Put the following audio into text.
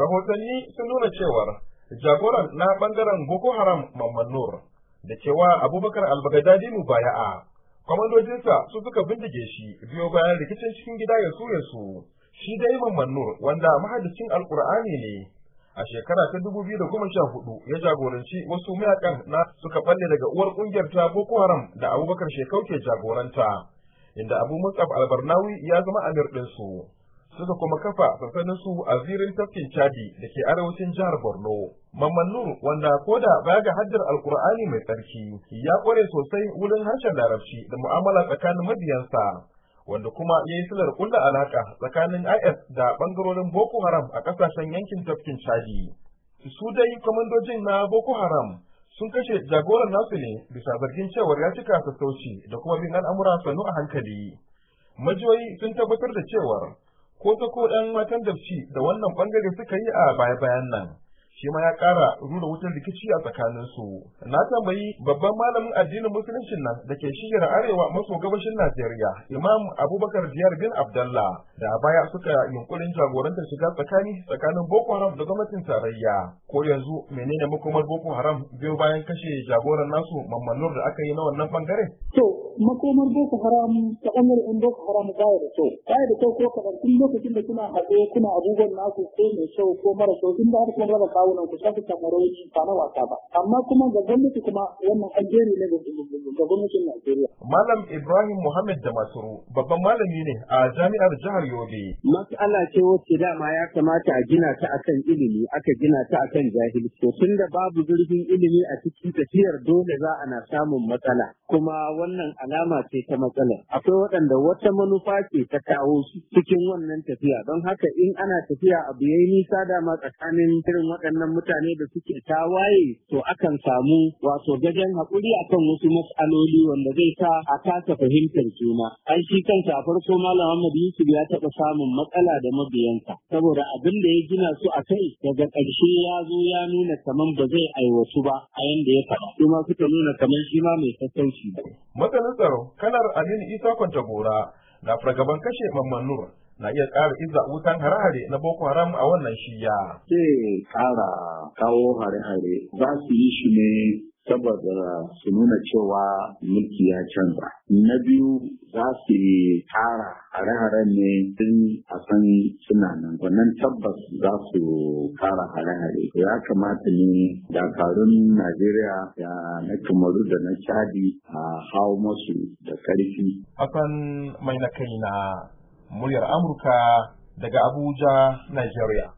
rahotanni sun nuna cewar jagoran na bangaren boko haram mamman nur da cewa abubakar mu baya'a. kwamandojinsa su suka bindige shi biyo bayan rikicin cikin gida ya su su shi dai mamman nur wanda al alkur'ani ne a shekara ta dubu biyu da goma sha hudu ya jagoranci wasu mayakan na suka balle daga uwar kungiyar ta boko haram da abubakar shekau jagoranta inda abu musab albarnawi ya zama amir ɗinsu. suka kuma kafa sansaninsu a zirin tafkin Chadi da ke arewacin jihar Borno. Mamman Nur wanda koda baya ga hajjar Alkur'ani mai tsarki ya kware sosai wurin harshen Larabci da mu'amala tsakanin mabiyansa wanda kuma ya yi silar kulla alaƙa tsakanin IS da bangarorin Boko Haram a ƙasashen yankin tafkin Chadi. Su dai kwamandojin na Boko Haram sun kashe jagoran nasu ne bisa zargin cewar ya cika sassauci da kuma bin al'amura sannu a hankali. Majoyi sun tabbatar da cewar ko ta ko ɗan matan dafci da wannan bangare suka yi a baya-bayan nan shi ma ya ƙara rura wutar rikici a tsakanin su na tambayi babban malamin addinin musuluncin nan da ke shiyar arewa maso gabashin najeriya imam abubakar Diyar bin abdallah da baya suka yunkurin jagorantar shiga tsakani tsakanin boko haram da gwamnatin tarayya ko yanzu menene makomar boko haram biyo bayan kashe jagoran nasu mamman da aka yi na wannan bangare to makomar boko haram ta hanyar yan boko haram baya da kyau baya da kyau ko kamar tun lokacin da kuna haɗe kuna abubuwan naku ko mai kyau ko mara kyau tun da kuma raba nan ku shafi samarauci ba na wasa ba amma kuma ga gwamnati kuma wannan aljeri ne ga gwamnatin Najeriya. Malam Ibrahim Muhammad da Masuru babban malami ne a jami'ar jihar Yobe. Mas'ala ce wacce dama ya kamata a gina ta akan ilimi aka gina ta akan jahilci. To tun da babu zurfin ilimi a cikin tafiyar dole za ana samun matsala kuma wannan a alama ce ta matsala. Akwai waɗanda wata manufa ce ta kawo su cikin wannan tafiya. Don haka in ana tafiya abu ya yi nisa ma tsakanin irin waɗannan mutane da suke tawaye to akan samu wato gajen haƙuri akan wasu matsaloli wanda zai sa a kasa fahimtar juna. An shi kansa a farko Malam Ahmad Yusuf ya taɓa samun matsala da mabiyansa. Saboda abin da ya gina su a kai daga ƙarshe ya zo ya nuna kaman ba zai aiwatu ba a yanda ya faɗa. Kuma suka nuna kaman shi ma mai sassauci. Matsalar tsaro kalar alin isa kwanta gora na fargaban kashe mamman nur na iya ƙara iza wutan hare-hare na Boko Haram a wannan shiya. Zai ƙara kawo hare-hare za su yi shi ne saboda su nuna cewa mulki ya canza. Na biyu za su yi tara hare hare ne tun a san suna nan. Wannan tabbas za su tara hare-hare. Ya kamata ne dakarun Najeriya da na Kamaru da na cadi a hau masu da karfi Hassan mai na kai na muryar Amurka daga Abuja, Najeriya.